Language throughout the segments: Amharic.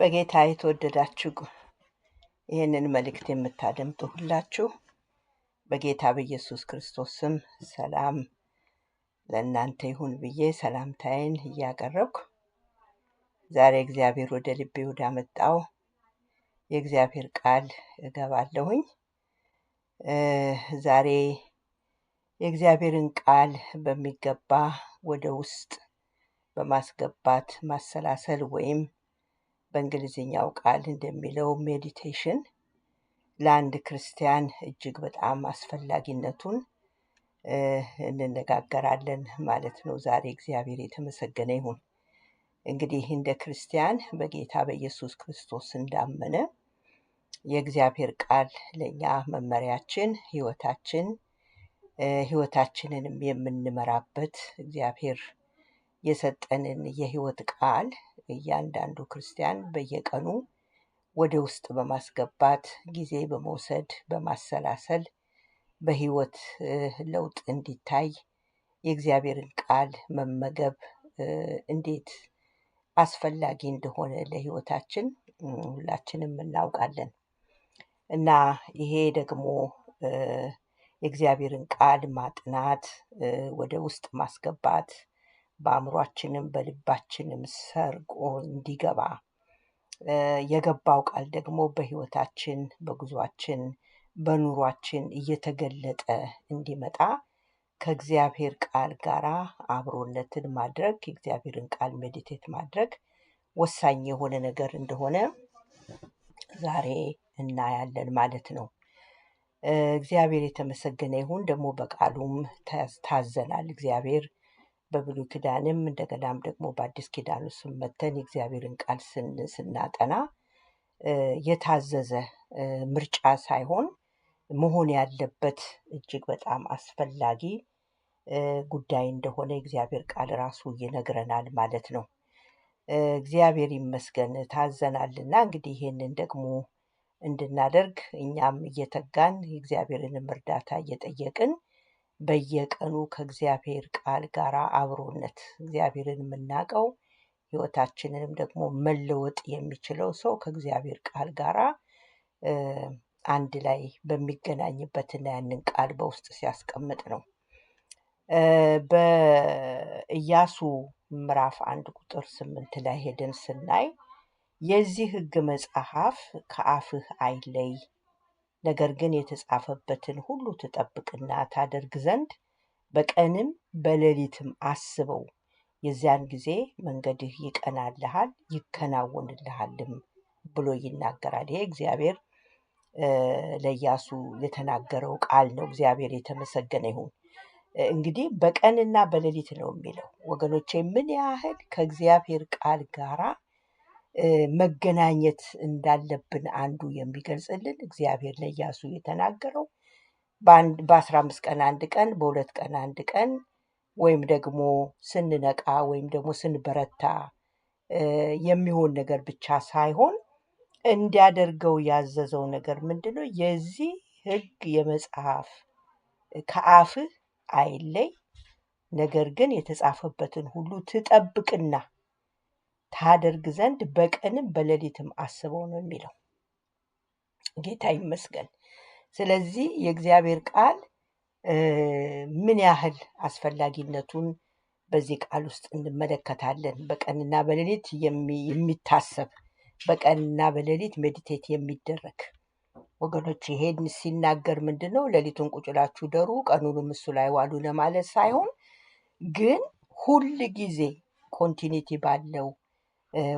በጌታ የተወደዳችሁ ይህንን መልእክት የምታደምጡ ሁላችሁ በጌታ በኢየሱስ ክርስቶስ ስም ሰላም ለእናንተ ይሁን ብዬ ሰላምታዬን እያቀረብኩ ዛሬ እግዚአብሔር ወደ ልቤ ወዳመጣው የእግዚአብሔር ቃል እገባለሁኝ። ዛሬ የእግዚአብሔርን ቃል በሚገባ ወደ ውስጥ በማስገባት ማሰላሰል ወይም በእንግሊዝኛው ቃል እንደሚለው ሜዲቴሽን ለአንድ ክርስቲያን እጅግ በጣም አስፈላጊነቱን እንነጋገራለን ማለት ነው። ዛሬ እግዚአብሔር የተመሰገነ ይሁን። እንግዲህ እንደ ክርስቲያን በጌታ በኢየሱስ ክርስቶስ እንዳመነ የእግዚአብሔር ቃል ለእኛ መመሪያችን፣ ህይወታችን ህይወታችንንም የምንመራበት እግዚአብሔር የሰጠንን የህይወት ቃል እያንዳንዱ ክርስቲያን በየቀኑ ወደ ውስጥ በማስገባት ጊዜ በመውሰድ በማሰላሰል በህይወት ለውጥ እንዲታይ የእግዚአብሔርን ቃል መመገብ እንዴት አስፈላጊ እንደሆነ ለህይወታችን ሁላችንም እናውቃለን እና ይሄ ደግሞ የእግዚአብሔርን ቃል ማጥናት ወደ ውስጥ ማስገባት በአእምሯችንም በልባችንም ሰርጎ እንዲገባ የገባው ቃል ደግሞ በህይወታችን፣ በጉዟችን፣ በኑሯችን እየተገለጠ እንዲመጣ ከእግዚአብሔር ቃል ጋር አብሮነትን ማድረግ የእግዚአብሔርን ቃል ሜዲቴት ማድረግ ወሳኝ የሆነ ነገር እንደሆነ ዛሬ እናያለን ማለት ነው። እግዚአብሔር የተመሰገነ ይሁን። ደግሞ በቃሉም ታዘናል። እግዚአብሔር በብሉይ ኪዳንም እንደገናም ደግሞ በአዲስ ኪዳን ውስጥ መተን የእግዚአብሔርን ቃል ስናጠና የታዘዘ ምርጫ ሳይሆን መሆን ያለበት እጅግ በጣም አስፈላጊ ጉዳይ እንደሆነ የእግዚአብሔር ቃል ራሱ ይነግረናል ማለት ነው። እግዚአብሔር ይመስገን ታዘናልና እንግዲህ ይህንን ደግሞ እንድናደርግ እኛም እየተጋን የእግዚአብሔርንም እርዳታ እየጠየቅን በየቀኑ ከእግዚአብሔር ቃል ጋር አብሮነት እግዚአብሔርን የምናውቀው ህይወታችንንም ደግሞ መለወጥ የሚችለው ሰው ከእግዚአብሔር ቃል ጋር አንድ ላይ በሚገናኝበትና ያንን ቃል በውስጥ ሲያስቀምጥ ነው። በኢያሱ ምዕራፍ አንድ ቁጥር ስምንት ላይ ሄደን ስናይ የዚህ ህግ መጽሐፍ ከአፍህ አይለይ ነገር ግን የተጻፈበትን ሁሉ ትጠብቅና ታደርግ ዘንድ በቀንም በሌሊትም አስበው። የዚያን ጊዜ መንገድህ ይቀናልሃል ይከናወንልሃልም ብሎ ይናገራል። ይሄ እግዚአብሔር ለኢያሱ የተናገረው ቃል ነው። እግዚአብሔር የተመሰገነ ይሁን። እንግዲህ በቀንና በሌሊት ነው የሚለው ወገኖቼ፣ ምን ያህል ከእግዚአብሔር ቃል ጋራ መገናኘት እንዳለብን አንዱ የሚገልጽልን እግዚአብሔር ለኢያሱ የተናገረው በአስራ አምስት ቀን አንድ ቀን በሁለት ቀን አንድ ቀን ወይም ደግሞ ስንነቃ ወይም ደግሞ ስንበረታ የሚሆን ነገር ብቻ ሳይሆን እንዲያደርገው ያዘዘው ነገር ምንድን ነው? የዚህ ሕግ የመጽሐፍ ከአፍህ አይለይ፣ ነገር ግን የተጻፈበትን ሁሉ ትጠብቅና ታደርግ ዘንድ በቀንም በሌሊትም አስበው ነው የሚለው። ጌታ ይመስገን። ስለዚህ የእግዚአብሔር ቃል ምን ያህል አስፈላጊነቱን በዚህ ቃል ውስጥ እንመለከታለን። በቀንና በሌሊት የሚታሰብ በቀንና በሌሊት ሜዲቴት የሚደረግ ወገኖች፣ ይሄን ሲናገር ምንድን ነው ሌሊቱን ቁጭላችሁ ደሩ ቀኑንም እሱ ላይ ዋሉ ለማለት ሳይሆን ግን ሁል ጊዜ ኮንቲኒቲ ባለው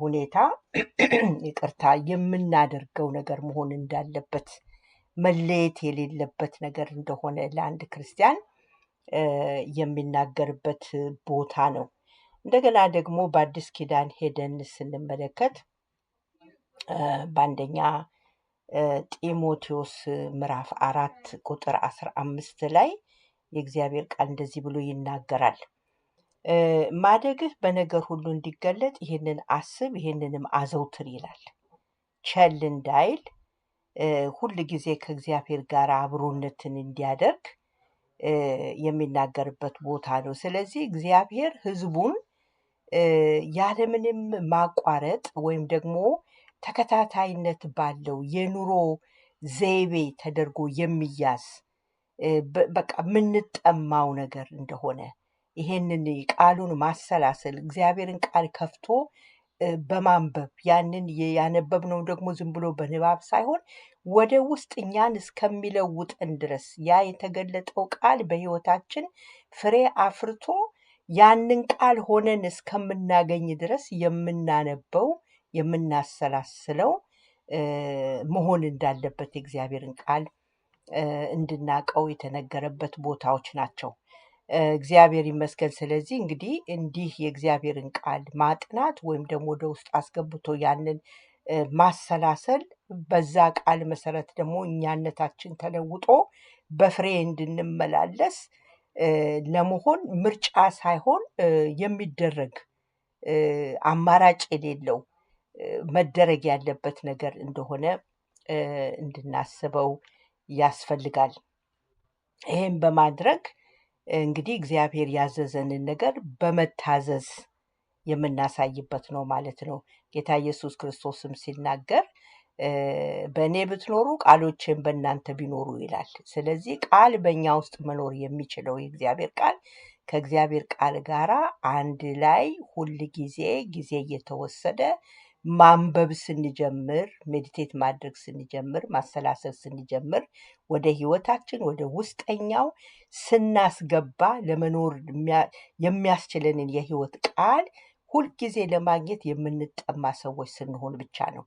ሁኔታ ይቅርታ የምናደርገው ነገር መሆን እንዳለበት መለየት የሌለበት ነገር እንደሆነ ለአንድ ክርስቲያን የሚናገርበት ቦታ ነው። እንደገና ደግሞ በአዲስ ኪዳን ሄደን ስንመለከት በአንደኛ ጢሞቴዎስ ምዕራፍ አራት ቁጥር አስራ አምስት ላይ የእግዚአብሔር ቃል እንደዚህ ብሎ ይናገራል። ማደግህ በነገር ሁሉ እንዲገለጥ ይህንን አስብ፣ ይህንንም አዘውትር ይላል። ቸል እንዳይል ሁል ጊዜ ከእግዚአብሔር ጋር አብሮነትን እንዲያደርግ የሚናገርበት ቦታ ነው። ስለዚህ እግዚአብሔር ሕዝቡን ያለምንም ማቋረጥ ወይም ደግሞ ተከታታይነት ባለው የኑሮ ዘይቤ ተደርጎ የሚያዝ በቃ የምንጠማው ነገር እንደሆነ ይሄንን ቃሉን ማሰላሰል እግዚአብሔርን ቃል ከፍቶ በማንበብ ያንን ያነበብነው ደግሞ ዝም ብሎ በንባብ ሳይሆን ወደ ውስጥ እኛን እስከሚለውጠን ድረስ ያ የተገለጠው ቃል በሕይወታችን ፍሬ አፍርቶ ያንን ቃል ሆነን እስከምናገኝ ድረስ የምናነበው የምናሰላስለው መሆን እንዳለበት የእግዚአብሔርን ቃል እንድናቀው የተነገረበት ቦታዎች ናቸው። እግዚአብሔር ይመስገን። ስለዚህ እንግዲህ እንዲህ የእግዚአብሔርን ቃል ማጥናት ወይም ደግሞ ወደ ውስጥ አስገብቶ ያንን ማሰላሰል በዛ ቃል መሰረት ደግሞ እኛነታችን ተለውጦ በፍሬ እንድንመላለስ ለመሆን ምርጫ ሳይሆን የሚደረግ አማራጭ የሌለው መደረግ ያለበት ነገር እንደሆነ እንድናስበው ያስፈልጋል። ይህም በማድረግ እንግዲህ እግዚአብሔር ያዘዘንን ነገር በመታዘዝ የምናሳይበት ነው ማለት ነው። ጌታ ኢየሱስ ክርስቶስም ሲናገር በእኔ ብትኖሩ ቃሎችን በእናንተ ቢኖሩ ይላል። ስለዚህ ቃል በእኛ ውስጥ መኖር የሚችለው የእግዚአብሔር ቃል ከእግዚአብሔር ቃል ጋር አንድ ላይ ሁል ጊዜ ጊዜ እየተወሰደ ማንበብ ስንጀምር፣ ሜዲቴት ማድረግ ስንጀምር፣ ማሰላሰል ስንጀምር፣ ወደ ህይወታችን ወደ ውስጠኛው ስናስገባ ለመኖር የሚያስችለንን የህይወት ቃል ሁልጊዜ ለማግኘት የምንጠማ ሰዎች ስንሆን ብቻ ነው።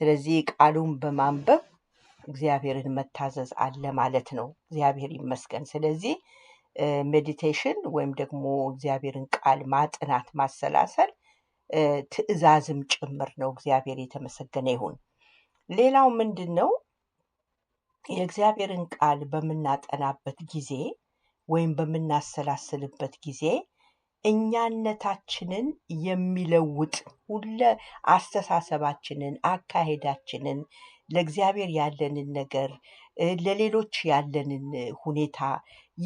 ስለዚህ ቃሉን በማንበብ እግዚአብሔርን መታዘዝ አለ ማለት ነው። እግዚአብሔር ይመስገን። ስለዚህ ሜዲቴሽን ወይም ደግሞ እግዚአብሔርን ቃል ማጥናት ማሰላሰል ትዕዛዝም ጭምር ነው። እግዚአብሔር የተመሰገነ ይሁን። ሌላው ምንድን ነው? የእግዚአብሔርን ቃል በምናጠናበት ጊዜ ወይም በምናሰላስልበት ጊዜ እኛነታችንን የሚለውጥ ሁለ አስተሳሰባችንን፣ አካሄዳችንን፣ ለእግዚአብሔር ያለንን ነገር ለሌሎች ያለንን ሁኔታ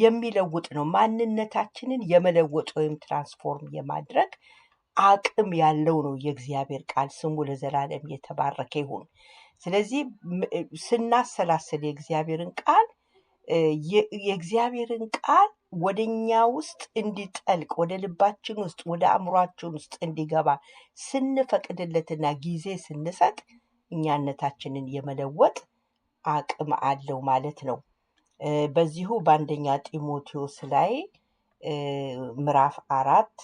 የሚለውጥ ነው። ማንነታችንን የመለወጥ ወይም ትራንስፎርም የማድረግ አቅም ያለው ነው የእግዚአብሔር ቃል ስሙ ለዘላለም የተባረከ ይሁን። ስለዚህ ስናሰላስል የእግዚአብሔርን ቃል የእግዚአብሔርን ቃል ወደ እኛ ውስጥ እንዲጠልቅ ወደ ልባችን ውስጥ ወደ አእምሯችን ውስጥ እንዲገባ ስንፈቅድለትና ጊዜ ስንሰጥ እኛነታችንን የመለወጥ አቅም አለው ማለት ነው። በዚሁ በአንደኛ ጢሞቴዎስ ላይ ምዕራፍ አራት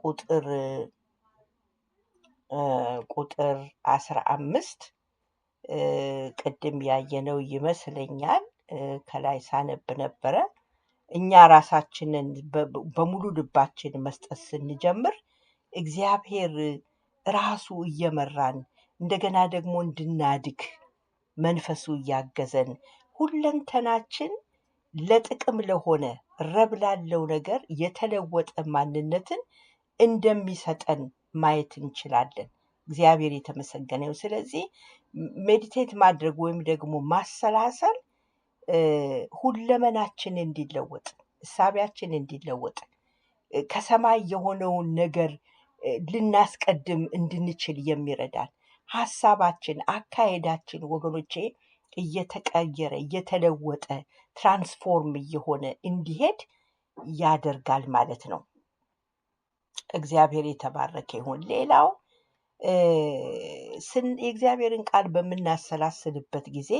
ቁጥር ቁጥር አስራ አምስት ቅድም ያየነው ይመስለኛል ከላይ ሳነብ ነበረ። እኛ ራሳችንን በሙሉ ልባችን መስጠት ስንጀምር እግዚአብሔር ራሱ እየመራን እንደገና ደግሞ እንድናድግ መንፈሱ እያገዘን ሁለንተናችን ለጥቅም ለሆነ ረብ ላለው ነገር የተለወጠ ማንነትን እንደሚሰጠን ማየት እንችላለን። እግዚአብሔር የተመሰገነ ስለዚህ ሜዲቴት ማድረግ ወይም ደግሞ ማሰላሰል ሁለመናችን እንዲለወጥ፣ እሳቢያችን እንዲለወጥ፣ ከሰማይ የሆነውን ነገር ልናስቀድም እንድንችል የሚረዳን ሀሳባችን፣ አካሄዳችን ወገኖቼ እየተቀየረ እየተለወጠ ትራንስፎርም እየሆነ እንዲሄድ ያደርጋል ማለት ነው። እግዚአብሔር የተባረከ ይሁን። ሌላው የእግዚአብሔርን ቃል በምናሰላስልበት ጊዜ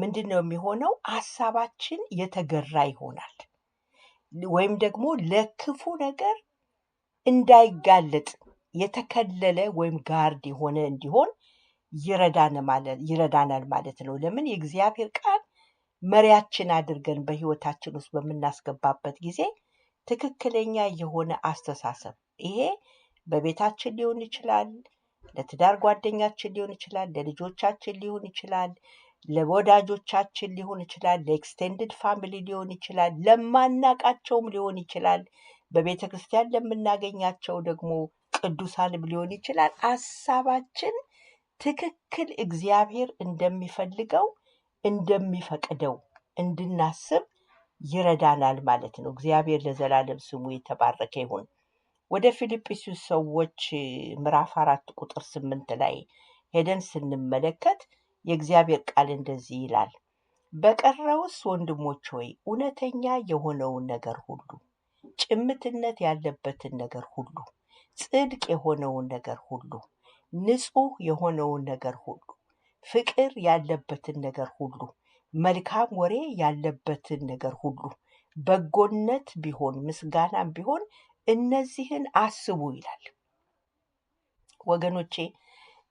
ምንድን ነው የሚሆነው? ሀሳባችን የተገራ ይሆናል ወይም ደግሞ ለክፉ ነገር እንዳይጋለጥ የተከለለ ወይም ጋርድ የሆነ እንዲሆን ይረዳናል ማለት ነው። ለምን የእግዚአብሔር ቃል መሪያችን አድርገን በህይወታችን ውስጥ በምናስገባበት ጊዜ ትክክለኛ የሆነ አስተሳሰብ ይሄ በቤታችን ሊሆን ይችላል፣ ለትዳር ጓደኛችን ሊሆን ይችላል፣ ለልጆቻችን ሊሆን ይችላል፣ ለወዳጆቻችን ሊሆን ይችላል፣ ለኤክስቴንድድ ፋሚሊ ሊሆን ይችላል፣ ለማናቃቸውም ሊሆን ይችላል፣ በቤተ ክርስቲያን ለምናገኛቸው ደግሞ ቅዱሳንም ሊሆን ይችላል። አሳባችን ትክክል እግዚአብሔር እንደሚፈልገው እንደሚፈቅደው እንድናስብ ይረዳናል ማለት ነው። እግዚአብሔር ለዘላለም ስሙ የተባረከ ይሁን። ወደ ፊልጵስዩስ ሰዎች ምዕራፍ አራት ቁጥር ስምንት ላይ ሄደን ስንመለከት የእግዚአብሔር ቃል እንደዚህ ይላል። በቀረውስ ወንድሞች ሆይ እውነተኛ የሆነውን ነገር ሁሉ፣ ጭምትነት ያለበትን ነገር ሁሉ፣ ጽድቅ የሆነውን ነገር ሁሉ፣ ንጹህ የሆነውን ነገር ሁሉ ፍቅር ያለበትን ነገር ሁሉ መልካም ወሬ ያለበትን ነገር ሁሉ በጎነት ቢሆን ምስጋናም ቢሆን እነዚህን አስቡ ይላል። ወገኖቼ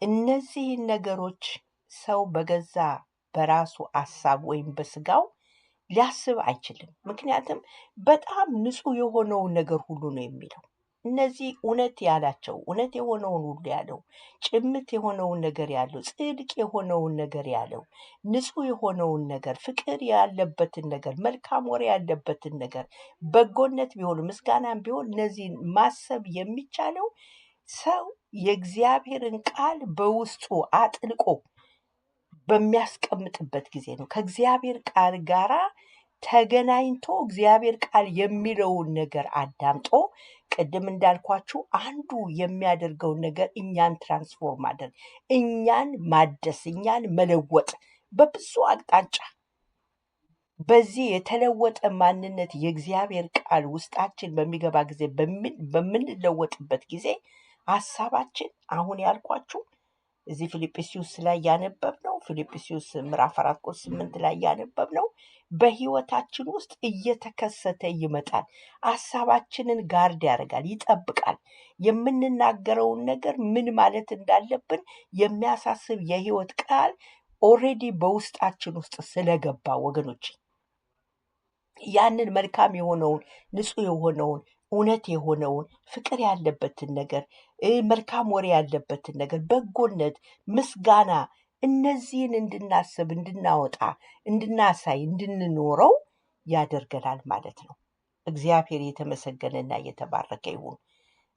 እነዚህን ነገሮች ሰው በገዛ በራሱ አሳብ ወይም በስጋው ሊያስብ አይችልም። ምክንያቱም በጣም ንጹህ የሆነውን ነገር ሁሉ ነው የሚለው። እነዚህ እውነት ያላቸው እውነት የሆነውን ሁሉ ያለው ጭምት የሆነውን ነገር ያለው ጽድቅ የሆነውን ነገር ያለው ንጹህ የሆነውን ነገር ፍቅር ያለበትን ነገር መልካም ወሬ ያለበትን ነገር በጎነት ቢሆን ምስጋናም ቢሆን እነዚህን ማሰብ የሚቻለው ሰው የእግዚአብሔርን ቃል በውስጡ አጥልቆ በሚያስቀምጥበት ጊዜ ነው። ከእግዚአብሔር ቃል ጋራ ተገናኝቶ እግዚአብሔር ቃል የሚለውን ነገር አዳምጦ ቅድም እንዳልኳችሁ አንዱ የሚያደርገውን ነገር እኛን ትራንስፎርም ማድረግ፣ እኛን ማደስ፣ እኛን መለወጥ በብዙ አቅጣጫ። በዚህ የተለወጠ ማንነት የእግዚአብሔር ቃል ውስጣችን በሚገባ ጊዜ በምንለወጥበት ጊዜ ሀሳባችን አሁን ያልኳችሁ እዚህ ፊልጵስዩስ ላይ ያነበብ ነው። ፊልጵስዩስ ምዕራፍ አራት ቁጥር ስምንት ላይ ያነበብ ነው። በህይወታችን ውስጥ እየተከሰተ ይመጣል። ሀሳባችንን ጋርድ ያደርጋል፣ ይጠብቃል። የምንናገረውን ነገር ምን ማለት እንዳለብን የሚያሳስብ የህይወት ቃል ኦሬዲ በውስጣችን ውስጥ ስለገባ ወገኖች ያንን መልካም የሆነውን ንጹህ የሆነውን እውነት የሆነውን ፍቅር ያለበትን ነገር መልካም ወሬ ያለበትን ነገር በጎነት፣ ምስጋና እነዚህን እንድናስብ፣ እንድናወጣ፣ እንድናሳይ፣ እንድንኖረው ያደርገናል ማለት ነው። እግዚአብሔር የተመሰገነና የተባረከ ይሁን።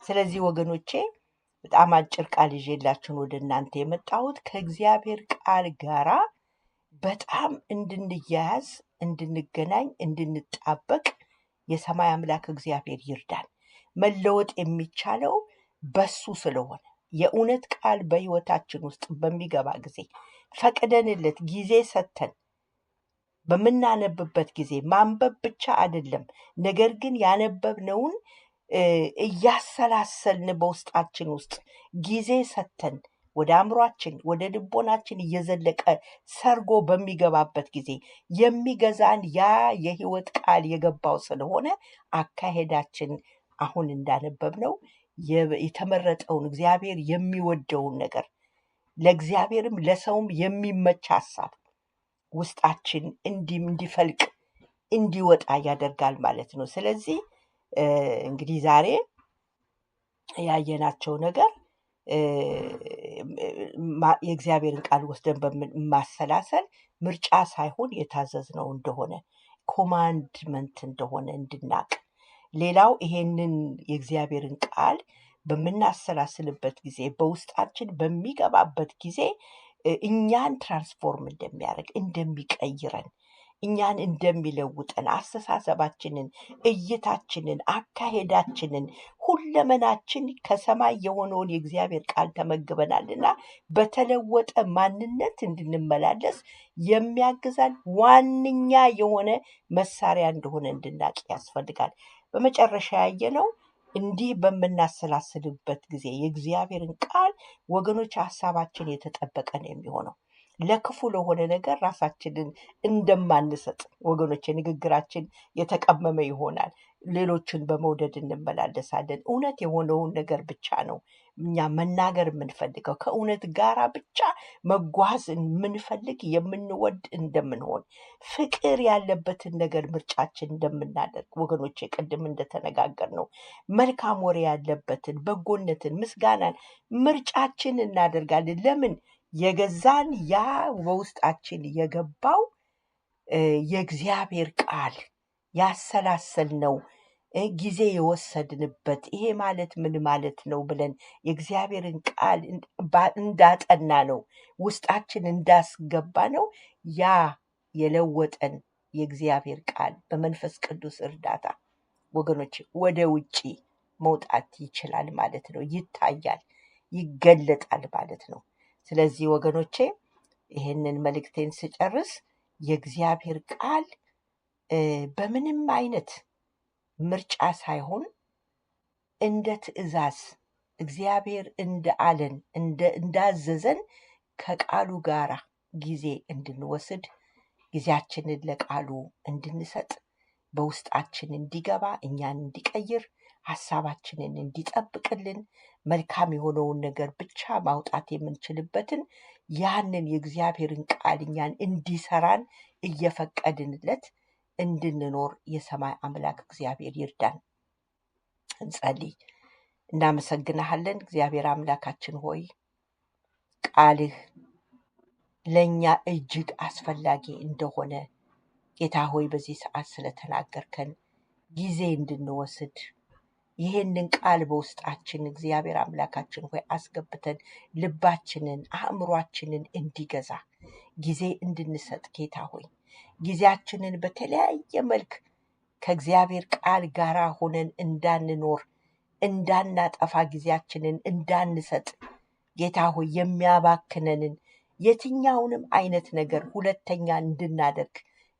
ስለዚህ ወገኖቼ በጣም አጭር ቃል ይዤላችሁን ወደ እናንተ የመጣሁት ከእግዚአብሔር ቃል ጋራ በጣም እንድንያያዝ፣ እንድንገናኝ፣ እንድንጣበቅ የሰማይ አምላክ እግዚአብሔር ይርዳን። መለወጥ የሚቻለው በሱ ስለሆነ የእውነት ቃል በህይወታችን ውስጥ በሚገባ ጊዜ ፈቅደንለት ጊዜ ሰጥተን በምናነብበት ጊዜ ማንበብ ብቻ አይደለም፣ ነገር ግን ያነበብነውን እያሰላሰልን በውስጣችን ውስጥ ጊዜ ሰጥተን ወደ አእምሯችን ወደ ልቦናችን እየዘለቀ ሰርጎ በሚገባበት ጊዜ የሚገዛን ያ የህይወት ቃል የገባው ስለሆነ አካሄዳችን አሁን እንዳነበብ ነው የተመረጠውን እግዚአብሔር የሚወደውን ነገር ለእግዚአብሔርም ለሰውም የሚመች ሀሳብ ውስጣችን እንዲም እንዲፈልቅ እንዲወጣ ያደርጋል ማለት ነው። ስለዚህ እንግዲህ ዛሬ ያየናቸው ነገር የእግዚአብሔርን ቃል ወስደን ማሰላሰል ምርጫ ሳይሆን የታዘዝነው እንደሆነ ኮማንድመንት እንደሆነ እንድናቅ። ሌላው ይሄንን የእግዚአብሔርን ቃል በምናሰላስልበት ጊዜ በውስጣችን በሚገባበት ጊዜ እኛን ትራንስፎርም እንደሚያደርግ እንደሚቀይረን እኛን እንደሚለውጠን አስተሳሰባችንን፣ እይታችንን፣ አካሄዳችንን ሁለመናችን ከሰማይ የሆነውን የእግዚአብሔር ቃል ተመግበናልና በተለወጠ ማንነት እንድንመላለስ የሚያግዛን ዋነኛ የሆነ መሳሪያ እንደሆነ እንድናቅ ያስፈልጋል። በመጨረሻ ያየነው እንዲህ በምናሰላስልበት ጊዜ የእግዚአብሔርን ቃል ወገኖች ሀሳባችን የተጠበቀ ነው የሚሆነው። ለክፉ ለሆነ ነገር ራሳችንን እንደማንሰጥ ወገኖች ንግግራችን የተቀመመ ይሆናል። ሌሎችን በመውደድ እንመላለሳለን። እውነት የሆነውን ነገር ብቻ ነው እኛ መናገር የምንፈልገው። ከእውነት ጋራ ብቻ መጓዝ የምንፈልግ የምንወድ እንደምንሆን ፍቅር ያለበትን ነገር ምርጫችን እንደምናደርግ ወገኖቼ፣ ቅድም እንደተነጋገር ነው መልካም ወሬ ያለበትን በጎነትን፣ ምስጋናን ምርጫችን እናደርጋለን። ለምን የገዛን ያ በውስጣችን የገባው የእግዚአብሔር ቃል ያሰላሰል ነው ጊዜ የወሰድንበት ይሄ ማለት ምን ማለት ነው ብለን የእግዚአብሔርን ቃል እንዳጠና ነው ውስጣችን እንዳስገባ ነው ያ የለወጠን የእግዚአብሔር ቃል በመንፈስ ቅዱስ እርዳታ ወገኖች ወደ ውጪ መውጣት ይችላል ማለት ነው ይታያል ይገለጣል ማለት ነው ስለዚህ ወገኖቼ ይህንን መልእክቴን ስጨርስ የእግዚአብሔር ቃል በምንም አይነት ምርጫ ሳይሆን እንደ ትእዛዝ እግዚአብሔር እንደ አለን እንዳዘዘን ከቃሉ ጋር ጊዜ እንድንወስድ ጊዜያችንን ለቃሉ እንድንሰጥ በውስጣችን እንዲገባ እኛን እንዲቀይር ሀሳባችንን እንዲጠብቅልን መልካም የሆነውን ነገር ብቻ ማውጣት የምንችልበትን ያንን የእግዚአብሔርን ቃል እኛን እንዲሰራን እየፈቀድንለት እንድንኖር የሰማይ አምላክ እግዚአብሔር ይርዳን። እንጸልይ። እናመሰግናሃለን እግዚአብሔር አምላካችን ሆይ ቃልህ ለእኛ እጅግ አስፈላጊ እንደሆነ ጌታ ሆይ በዚህ ሰዓት ስለተናገርከን ጊዜ እንድንወስድ ይሄንን ቃል በውስጣችን እግዚአብሔር አምላካችን ሆይ አስገብተን ልባችንን አእምሯችንን እንዲገዛ ጊዜ እንድንሰጥ ጌታ ሆይ ጊዜያችንን በተለያየ መልክ ከእግዚአብሔር ቃል ጋር ሆነን እንዳንኖር እንዳናጠፋ ጊዜያችንን እንዳንሰጥ ጌታ ሆይ የሚያባክነንን የትኛውንም አይነት ነገር ሁለተኛ እንድናደርግ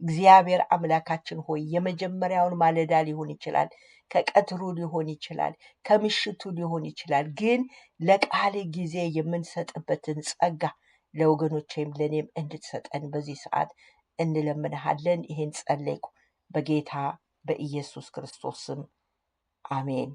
እግዚአብሔር አምላካችን ሆይ የመጀመሪያውን ማለዳ ሊሆን ይችላል ከቀትሩ ሊሆን ይችላል፣ ከምሽቱ ሊሆን ይችላል። ግን ለቃል ጊዜ የምንሰጥበትን ጸጋ ለወገኖቼም ለእኔም እንድትሰጠን በዚህ ሰዓት እንለምንሃለን። ይሄን ጸለይኩ በጌታ በኢየሱስ ክርስቶስም አሜን።